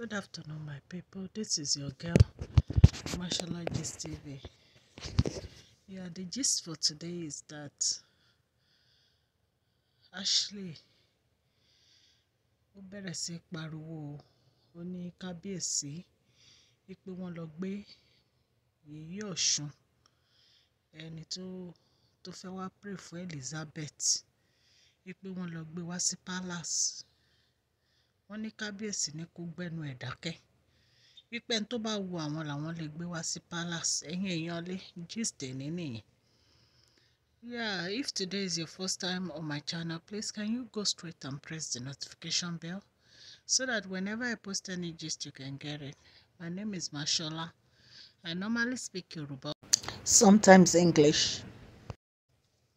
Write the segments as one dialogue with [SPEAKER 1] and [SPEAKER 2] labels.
[SPEAKER 1] Good afternoon, my people. This is your girl, Mashallah Gist TV. Yeah, the gist for today is that Ashley ó bẹ̀rẹ̀ sí pariwo ó ní kábíyèsí wípé wọ́n lọ gbé yèyí ọ̀ṣun ẹni tó tó fẹ́ wá pray fún Elizabeth wípé wọ́n lọ gbé wá sí palace wọ́n ní kábíyèsí ní kó gbẹ́nu ẹ̀ dákẹ́ wípé tó bá wu àwọn làwọn lè gbé wá sí palace ẹ̀yìn èèyàn lé gist ẹ̀ní nìyẹn. Yeah, if today is your first time on my channel, please can you go straight and press the notification bell so that whenever I post any gist, you can get it. My name is Mashola. I normally speak Yoruba, sometimes English.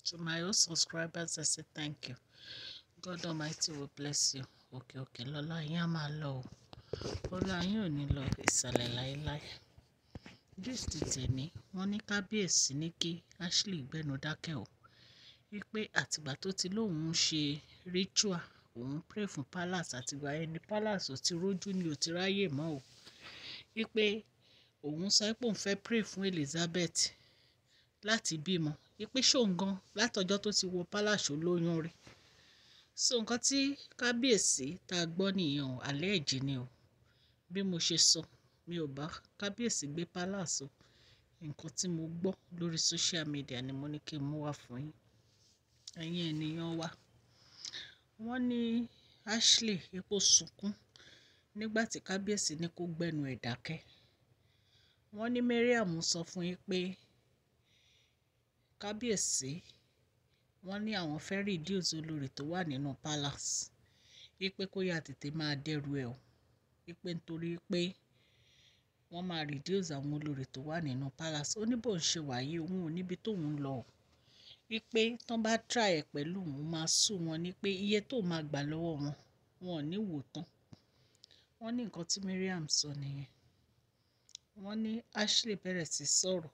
[SPEAKER 1] To my old subscribers, I say thank you. God Almighty will bless you òkè òkè lọ́lá yín á máa lọ o. Ọlá yín ò ní lọ ìsàlẹ̀ láíláí. Gist tèmi, wọ́n ní kábíyèsí ní kí Ashley gbẹ́nu dákẹ́ o. Wípé àtìgbà tó ti lóun ń ṣe ritual, òun pray fún palace àtìgbà yẹn palace ò ti rójú ni ò ti ráyè mọ́ o. Wípé òun sọ pé fẹ́ pray fún Elizabeth láti bímọ. Wípé ṣóun gan látọjọ́ tó ti wọ palace ó lóyún so nǹkan tí kábíyèsí tá a gbọ́ nìyẹn o alẹ́ ẹ̀jẹ̀ ni o bí mo ṣe sọ mi ò bá kábíyèsí gbé palace o nǹkan tí mo gbọ́ lórí social media ni mo ní kí n mú wá fún yín ẹ̀yin ènìyàn wa wọ́n ní Ashley epo sunkún nígbà tí kábíyèsí ní kó gbẹnu ẹ̀ wọ́n ní Mariam sọ fún yín pé kábíyèsí wọ́n ní àwọn fẹ́ reduce olórí tó wà nínú palace wípé kó yà tètè máa dẹ́rù ẹ̀ o wípé nítorí pé wọ́n máa reduce àwọn olórí tó wà nínú palace ó ní bó ń ṣe wàyí òun ò níbi tóun lọ wípé tán bá try ẹ̀ pẹ̀lú òun máa sùn wọn ni pé iye tó máa gbà lọ́wọ́ wọn wọn ò ní wò tán wọ́n ní nǹkan tí Mariam sọ nìyẹn wọ́n ní Ashley bẹ̀rẹ̀ sí sọ̀rọ̀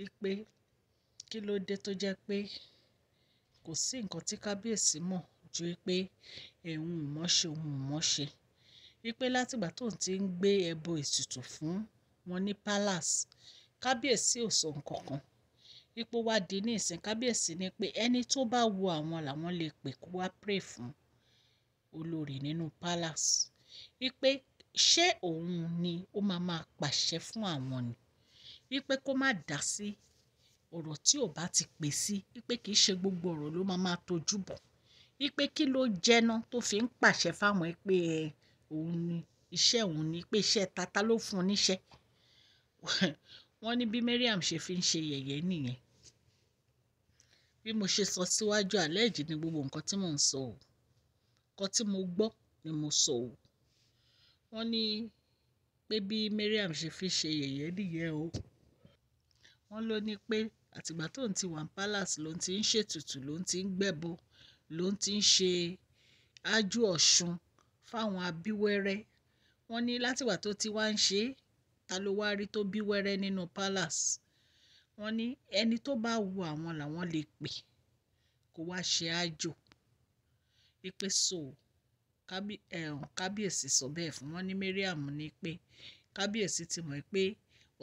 [SPEAKER 1] wípé kí ló dé tó jẹ́ pé kò sí nǹkan tí kábíyèsí mọ̀ ju pé ẹ̀hún ìmọ̀ṣe òun ìmọ̀ṣe wípé látìgbà tóun ti ń gbé ẹbọ ètùtù fún wọn ní palace kábíyèsí ò sọ nǹkan kan ipò wa di ní ìsìn kábíyèsí ni pé ẹni tó bá wo àwọn làwọn lè pè kó wá pray fún olórí nínú palace wípé ṣé òun ni ó máa máa pàṣẹ fún àwọn ni wípé kó má dá sí ọ̀rọ̀ tí ò bá ti pè sí wípé kì í ṣe gbogbo ọ̀rọ̀ ló máa máa tojú bọ̀ wípé kí ló jẹ́ná tó fi ń pàṣẹ fáwọn ẹ pé ẹ òun ni iṣẹ́ òun ni pé iṣẹ́ tata ló fún un níṣẹ́ wọ́n ní bí Mariam ṣe fi ń ṣe yẹ̀yẹ́ nìyẹn bí mo ṣe sọ síwájú àlẹ́ ìjì ni gbogbo nǹkan tí mò ń sọ o nǹkan tí mo gbọ́ ni mo sọ o wọ́n ní pé bí Mariam ṣe fi ṣe yẹ̀yẹ́ nìyẹn o wọ́n ló ní pé àtìgbà tó ń ti wà ní palace ló ń ti ń ṣètùtù ló ń ti ń gbẹ́bọ ló ń ti ń ṣe ájú ọ̀ṣun fáwọn abíwẹ́rẹ́ wọ́n ní látìgbà tó ti wá ń ṣe é ta ló wá rí tó bíwẹ́rẹ́ nínú palace wọ́n ní ẹni tó bá wu àwọn làwọn lè pè kó wá ṣe ájò pípé so kábíyèsí sọ bẹ́ẹ̀ fún wọn ní Mariam ní pé kábíyèsí ti mọ̀ pé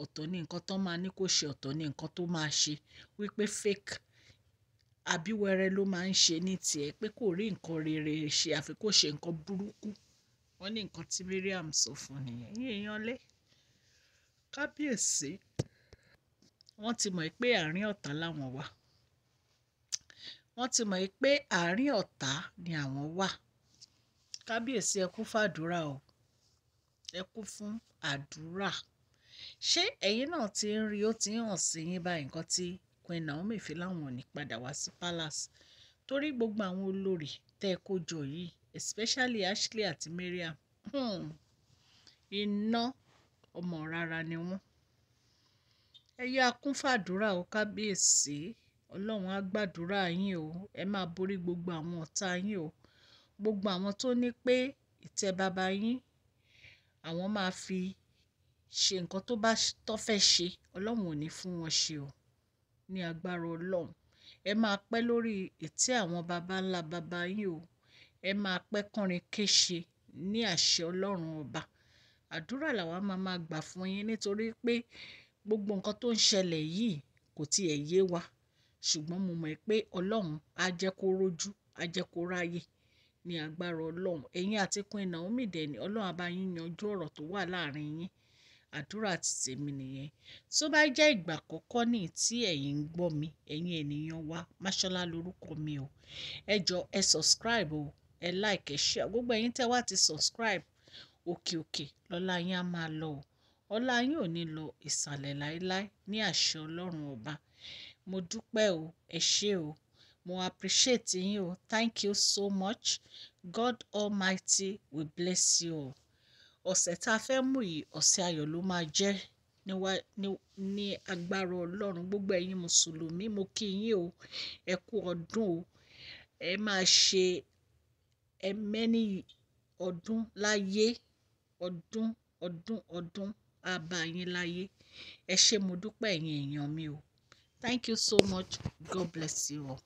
[SPEAKER 1] ọ̀tọ̀ ni nǹkan tó máa ní kó ṣe ọ̀tọ̀ ni nǹkan tó máa ṣe wípé fake abíwẹ́rẹ́ ló máa ń ṣe ní tiẹ̀ pé kò rí nǹkan rere ṣe àfi kó ṣe nǹkan burúkú wọ́n ní nǹkan tí Mariam sọ fún nìyẹn yín èèyàn lé kábíyèsí wọ́n ti mọ̀ pé àárín ọ̀tá làwọn wà wọ́n ti mọ̀ pé àárín ọ̀tá ni àwọn wà kábíyèsí ẹ kú fàdúrà o ẹ kú fún àdúrà ṣé ẹ̀yin náà ti ń rí ó ti ń hàn sí yín báyìí nǹkan tí Queen Naomi fi láwọn ò ní padà wá sí palace torí gbogbo àwọn olórí tẹ́ ẹ kó jọ yìí especially Ashley àti Mariam hmm. iná ọmọ rárá ni wọ́n ẹ yá kún fàdúrà o kábíyèsí ọlọ́run á gbàdúrà yín o ẹ máa borí gbogbo àwọn ọ̀tá yín o gbogbo àwọn tó ní pé ìtẹ́ bàbá yín àwọn máa fi ṣe nǹkan tó bá tọ́ fẹ́ ṣe ọlọ́run ò ní fún wọn ṣe o ní agbára ọlọ́run ẹ máa pẹ́ lórí ìtẹ́ àwọn baba ńlá baba yín o ẹ máa pẹ́ kọrin kéṣe ní àṣẹ ọlọ́run ọba àdúrà làwa máa máa gbà fún yín nítorí pé gbogbo nǹkan tó ń ṣẹlẹ̀ yìí kò tiẹ̀ yé wa ṣùgbọ́n mo mọ̀ pé ọlọ́run á jẹ́ kó rójú á jẹ́ kó ráyè ní agbára ọlọ́run ẹ̀yin àti Queen Naomi dẹ̀ ni ọlọ́run á yín yanjú ọ̀rọ̀ tó wà láàrin yín àdúrà títẹ̀ mi nìyẹn tó bá jẹ́ ìgbà àkọ́kọ́ ní tí ẹ̀yin ń gbọ́ mi ẹ̀yin ènìyàn wa Máṣọ́lá lórúkọ mi o ẹ jọ ẹ subscribe o ẹ like ẹ share gbogbo ẹ̀yin tẹ́ wá ti subscribe òkè òkè lọ́lá yín á máa lọ o ọlá yín ò ní lọ ìsàlẹ̀ láéláé ní àṣẹ Ọlọ́run ọba mo dúpẹ́ o ẹ ṣé o mo appreciate yín o thank you so much God Almighty will bless you all ọ̀sẹ̀ tá a fẹ́ mú yìí ọ̀sẹ̀ ayọ̀ ló máa jẹ́ ní agbára ọlọ́run gbogbo ẹ̀yin mùsùlùmí mo kí yín o ẹ kú ọdún o ẹ máa ṣe ẹ mẹ́ni ọdún láyé ọdún ọdún ọdún á yín láyé ẹ ṣé mo dúpẹ́ ẹ̀yin èèyàn mi o thank you so much god bless you all.